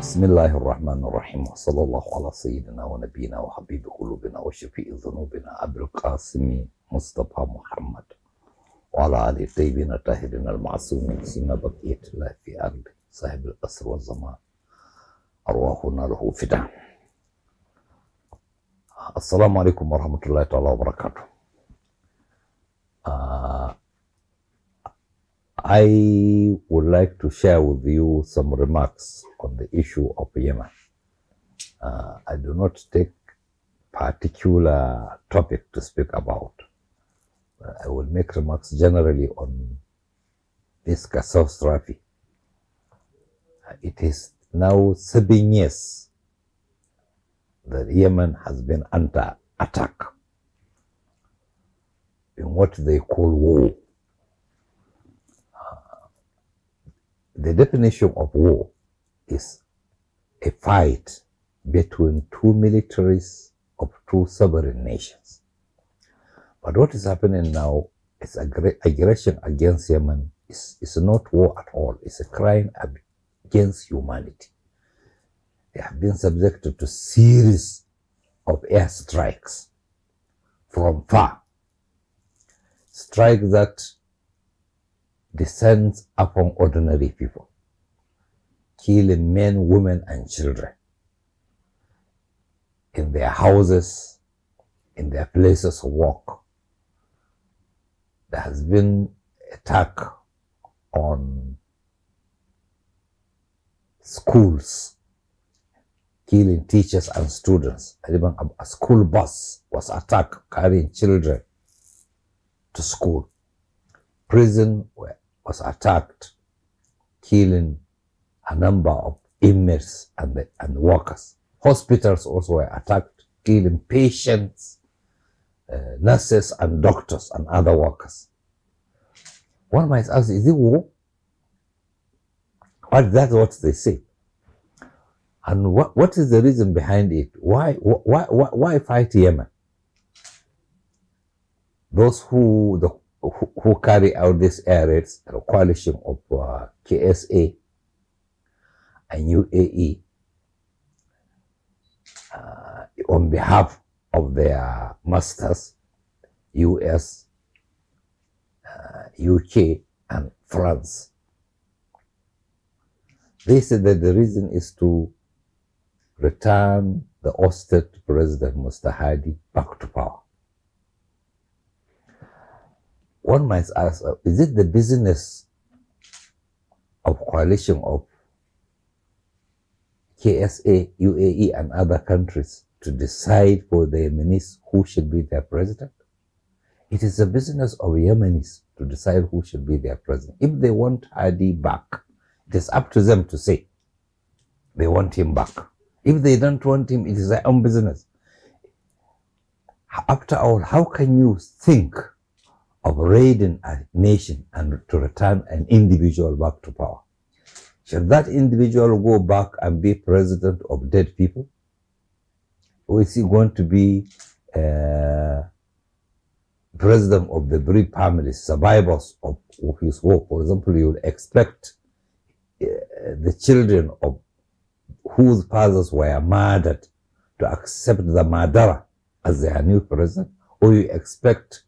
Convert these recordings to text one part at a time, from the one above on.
بسم الله الرحمن الرحيم وصلى الله على سيدنا ونبينا وحبيب قلوبنا وشفيء ذنوبنا عبد القاسم مصطفى محمد وعلى آله الطيبين الطاهرين المعصومين سيما بقية الله في أرض صاحب الأسر والزمان أرواحنا له فداء السلام عليكم ورحمة الله تعالى وبركاته آه I would like to share with you some remarks on the issue of Yemen. Uh, I do not take particular topic to speak about. Uh, I will make remarks generally on this catastrophe. Rafi. Uh, it is now seven years that Yemen has been under attack in what they call war The definition of war is a fight between two militaries of two sovereign nations. But what is happening now is aggression against Yemen is, is not war at all. It's a crime against humanity. They have been subjected to series of air strikes from far. Strikes that descends upon ordinary people, killing men, women, and children in their houses, in their places of work. There has been attack on schools, killing teachers and students. Even a school bus was attacked carrying children to school. Prison were was attacked, killing a number of inmates and, the, and workers. Hospitals also were attacked, killing patients, uh, nurses and doctors and other workers. One might ask, is it war? But that's what they say. And what, what is the reason behind it? Why, why, why, why fight Yemen? Those who, the who, who carry out these air raids a coalition of uh, KSA and UAE uh, on behalf of their masters, US, uh, UK, and France. They said that the reason is to return the ousted President Mr. Hadi back to power one might ask, uh, is it the business of coalition of KSA, UAE and other countries to decide for the Yemenis who should be their president? It is the business of Yemenis to decide who should be their president. If they want Hadi back, it is up to them to say they want him back. If they don't want him, it is their own business. After all, how can you think of raiding a nation and to return an individual back to power. Shall that individual go back and be president of dead people? Or is he going to be uh, president of the bereaved families, survivors of, of his war? For example, you would expect uh, the children of whose fathers were murdered to accept the murderer as their new president, or you expect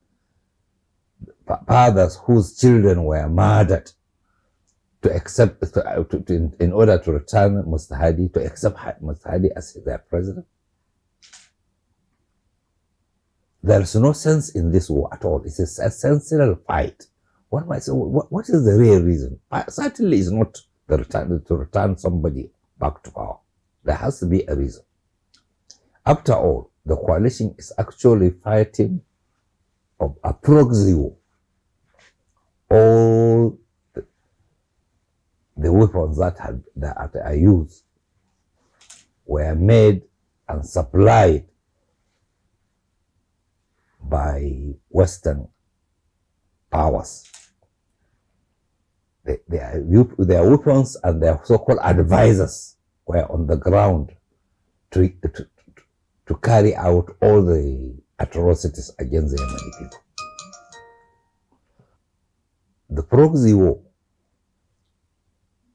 fathers whose children were murdered to accept, to, to, to, in, in, order to return Mustahadi, to accept Mustahadi as their president. There is no sense in this war at all. It's a, a sensational fight. One might say, what, what is the real reason? Certainly it's not the return, to return somebody back to power. There has to be a reason. After all, the coalition is actually fighting of a proxy war all the, weapons that, had, that are used were made and supplied by Western powers. their weapons and their so-called advisors were on the ground to, to, to carry out all the atrocities against the Yemeni people the proxy war.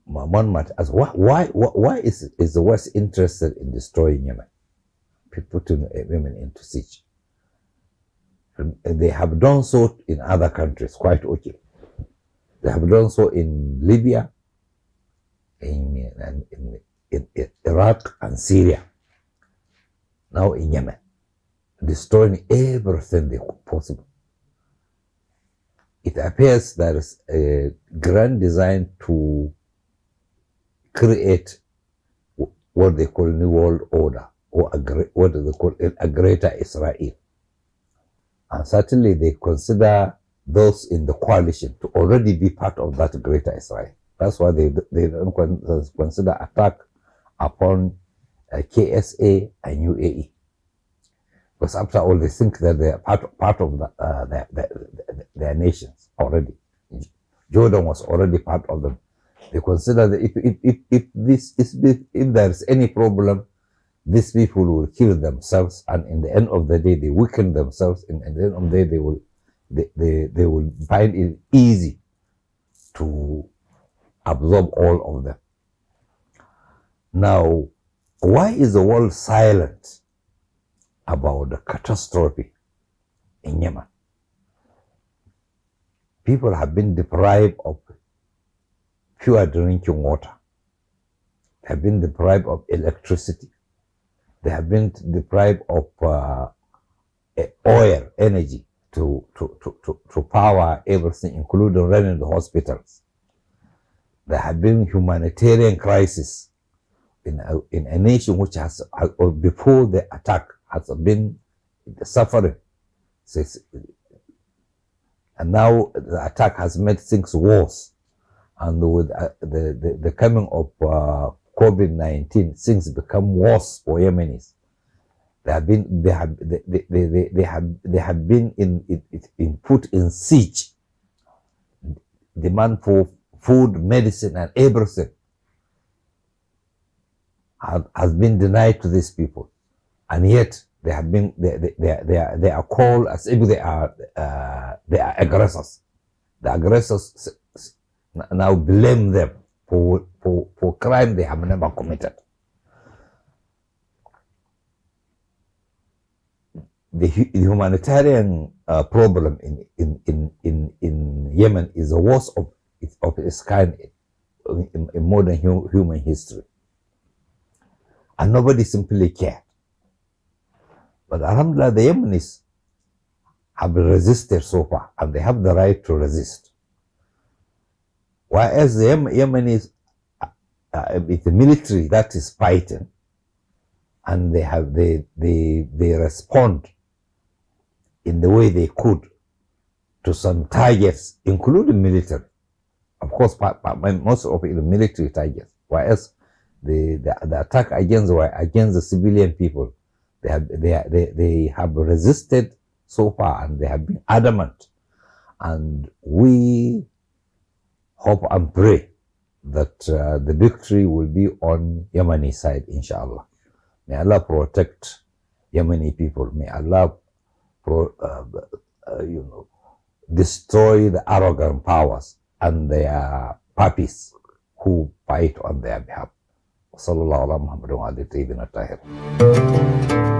Man, man, as why, why, why is, is the West interested in destroying Yemen, putting eh, women into siege? They have done so in other countries, quite okay. They have done so in Libya, in, in, in, in Iraq and Syria, now in Yemen, destroying everything they could possibly it appears there is a grand design to create what they call New World Order or a, what they call a greater Israel. And certainly they consider those in the coalition to already be part of that greater Israel. That's why they, they don't consider attack upon uh, KSA and UAE. Because after all, they think that they are part of, part of the, uh, their, their, their, nations already. Jordan was already part of them. They consider that if, if, if, if this if there is any problem, these people will kill themselves, and in the end of the day, they weaken themselves, and at the end of the day, they will they, they, they will find it easy to absorb all of them. Now, why is the world silent about the catastrophe in Yemen. People have been deprived of pure drinking water. They have been deprived of electricity. They have been deprived of uh, oil, energy to, to, to, to, power everything, including running the hospitals. There have been humanitarian crisis in a, uh, in a nation which has, uh, before the attack, has been suffering since, and now the attack has made things worse. And with uh, the, the, the, coming of uh, COVID-19, things become worse for Yemenis. They have been, they have, they, they, they, they have, they have been in, in, in put in siege. Demand for food, medicine, and everything has been denied to these people and yet they have been they they they, they, are, they are called as if they are uh, they are aggressors. The aggressors now blame them for for for crime they have never committed. The, the humanitarian uh, problem in, in, in, in, in Yemen is the worst of, of its kind in, in modern hum, human history. And nobody simply cares. But Alhamdulillah, the Yemenis have resisted so far and they have the right to resist. Whereas the Yemenis, uh, uh it's the military that is fighting and they have, they, they, they respond in the way they could to some targets, including military. Of course, but, most of it military targets, whereas the, the, the attack against were against the civilian people they have, they, they, they have resisted so far and they have been adamant. And we hope and pray that uh, the victory will be on Yemeni side, inshallah. May Allah protect Yemeni people. May Allah pro, uh, uh, you know, destroy the arrogant powers and their puppies who fight on their behalf. sallallahu alaihi wa sallam wa alihi wa sahbihi